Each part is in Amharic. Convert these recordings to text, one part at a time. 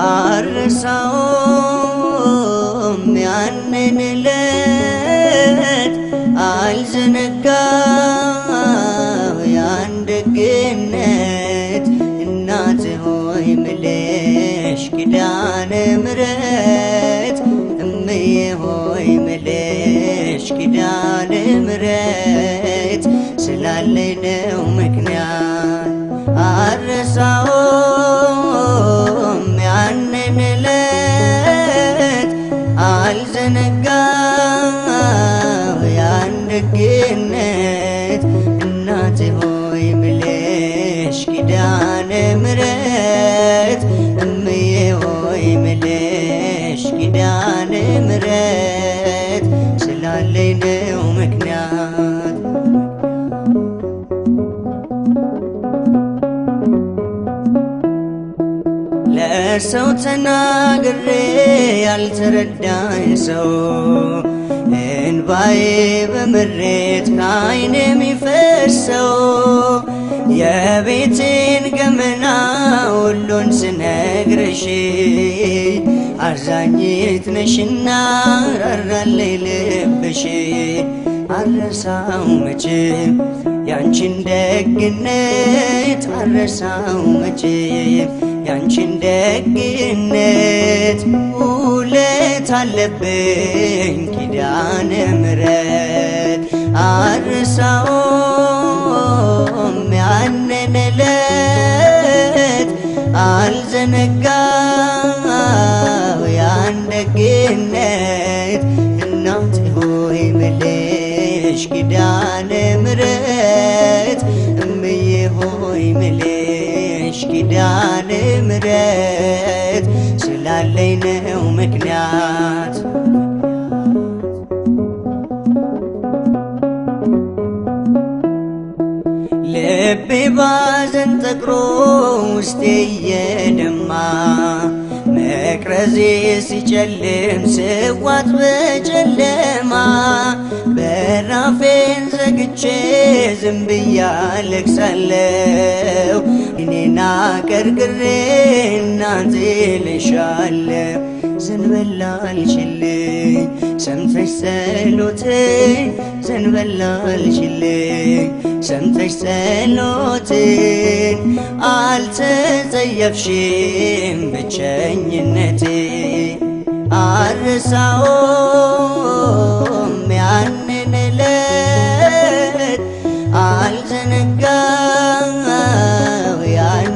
አልረሳውም ያንን ዕለት አልዘነጋው ያን ደግነት እናት ሆይ ምልሽ ኪዳነ ምሕረት እምዬ ሆይ ምልሽ ኪዳነ ምሕረት ስላለነው ምክንያት አልረሳውም ደግነት እናቴ ሆይ ብለሽ ኪዳነ ምሕረት እምዬ ሆይ ብለሽ ኪዳነ ምረት ስላለኝ ነው ምክንያት ለሰው ተናግሬ ያልተረዳኝ ሰው እንባዬ በምሬት ናይን የሚፈሰው የቤቴን ገመና ሁሉን ስነግርሽ አዛኝት ነሽና ራራለ ልብሽ አረሳው መቼም ያንቺን ደግነት አረሳው መቼም ያንቺን ደግነት ውለት አለብኝ ኪዳነ ምሕረት አርሳውም ያንን ዕለት አልዘነጋው ያን ደግነት እናቴ ሆይ ምልሽ ኪዳነ ምሕረት እምዬ ሆይ ምልሽ ኪዳነ ምክንያት ልቤ ባዘን ጠቅሮ ውስጤ እየደማ መቅረዜ ሲጨልም ስዋት በጨለማ በራፌን ዘግቼ ዝም ብዬ አለቅሳለሁ እኔና ቀርቅሬን አንጽልሻለ ዘንበል አልችልኝ ሰምተሽ ጸሎቴን ዘንበል አልችልኝ ሰምተሽ ጸሎቴን አልተጸየፍሽም ብቸኝነቴ አረሳውም ያንን ዕለት አልዘነጋው ያን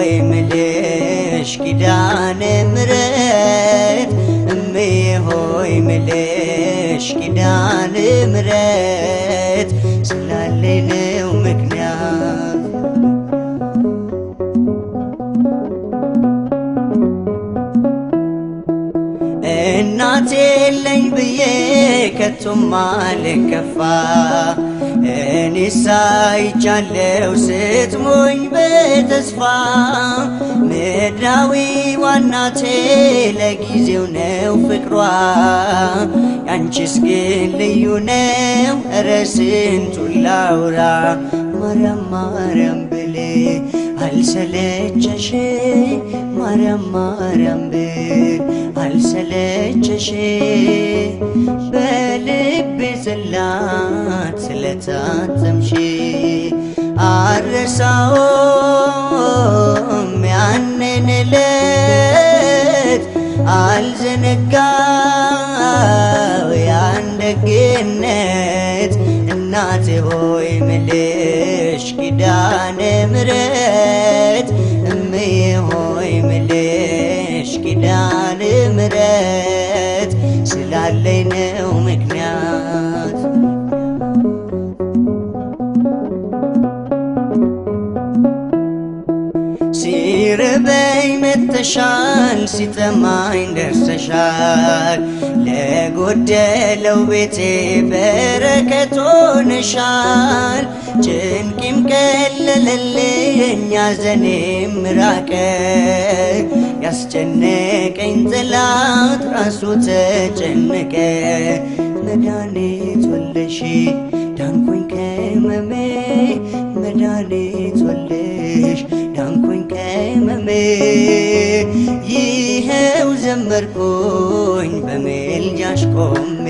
ሆይ ምልሽ ኪዳነ ምሕረት እምዬ ሆይ ምልሽ ኪዳነ ምሕረት ስላለነው ምክንያት እናቴ የለኝ ብዬ ከቶም አልከፋ እኔሳ አይቻለው ስትሞኝ በተስፋ ምድራዊ ዋናቴ ለጊዜው ነው ፍቅሯ ያንቺስ ግን ልዩ ነው እረ ስንቱን ላውራ ማርያም ማርያም ብሌ አልሰለቸሽ ማርያም ማርያም ብል አልሰለቸሽ በልብ ስላት ስለታተምሽ አረሳውም ያንን ዕለት አልዘነጋው ያን ደግነት እናት ሆይ ምልሽ ኪዳነ ምሕረት እምዬ ሆይ ምልሽ ኪዳነ ምሕረት ስላለኝ ነው ምክንያት ተሻል ሲጠማኝ ደርሰሻል ለጎደለው ቤቴ በረከት ሆነሻል። ጭንቂም ቀለለልኝ ያዘኔም ራቀ ያስጨነቀኝ ጠላት ራሱ ተጨነቀ። መድኃኒት ወለሽ ዳንኩኝ ከመሜ መድኃኒት ወለ ተባረኩኝ በምልጃሽ ቆሜ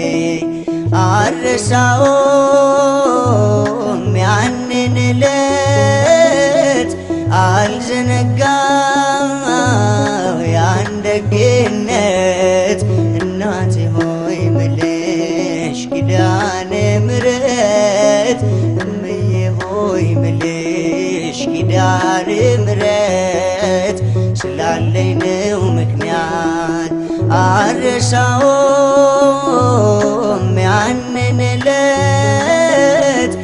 አረሳውም ያንን ዕለት አልዘነጋው ያን ደግነት እናት ሆይ ምልሽ ኪዳነ ምሕረት እምዬ ሆይ ምልሽ ኪዳነ ምሕረት ስላለኝ ነው ምክንያት አልረሳውም ያንን ዕለት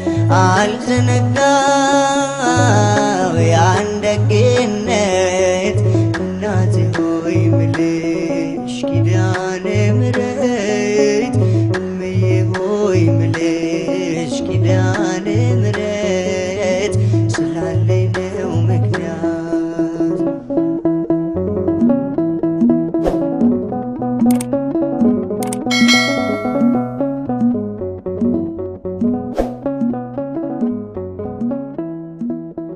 አልዘነጋ